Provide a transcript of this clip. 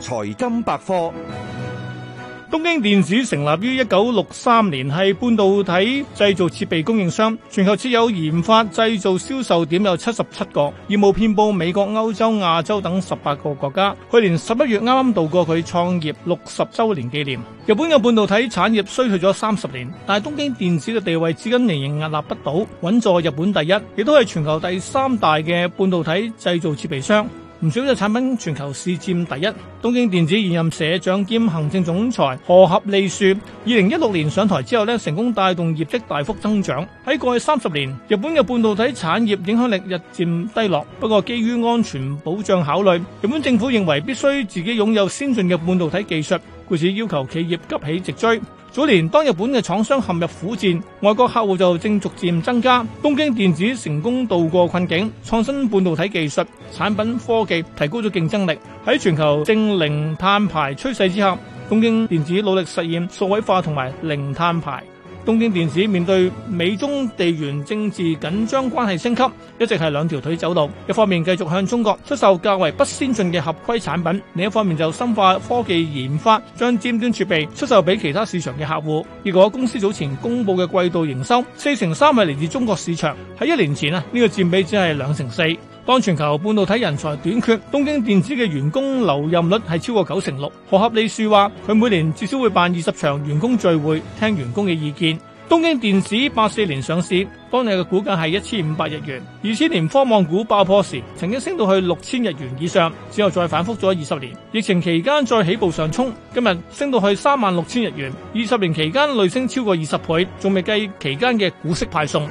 財金百科，東京電子成立於一九六三年，係半導體製造設備供應商，全球設有研發、製造、銷售點有七十七個，業務遍布美國、歐洲、亞洲等十八個國家。去年十一月啱啱度過佢創業六十周年紀念。日本嘅半導體產業衰退咗三十年，但係東京電子嘅地位至今仍然屹立不倒，穩坐日本第一，亦都係全球第三大嘅半導體製造設備商。唔少嘅產品全球市佔第一。東京電子現任社長兼行政總裁河合利樹，二零一六年上台之後咧，成功帶動業績大幅增長。喺過去三十年，日本嘅半導體產業影響力日漸低落。不過，基於安全保障考慮，日本政府認為必須自己擁有先進嘅半導體技術。故此要求企業急起直追。早年當日本嘅廠商陷入苦戰，外國客戶就正逐漸增加。東京電子成功度過困境，創新半導體技術，產品科技提高咗競爭力。喺全球正零碳排趨勢之下，東京電子努力實現數位化同埋零碳排。東京電子面對美中地緣政治緊張關係升級，一直係兩條腿走路。一方面繼續向中國出售較為不先進嘅合規產品，另一方面就深化科技研發，將尖端設備出售俾其他市場嘅客戶。結果公司早前公布嘅季度營收，四成三係嚟自中國市場，喺一年前啊呢個佔比只係兩成四。當全球半導體人才短缺，東京電子嘅員工留任率係超過九成六。河合利樹話：佢每年至少會辦二十場員工聚會，聽員工嘅意見。東京電子八四年上市，當日嘅股價係一千五百日元。二千年科網股爆破時，曾經升到去六千日元以上，之後再反復咗二十年。疫情期間再起步上沖，今日升到去三萬六千日元。二十年期間累升超過二十倍，仲未計期間嘅股息派送。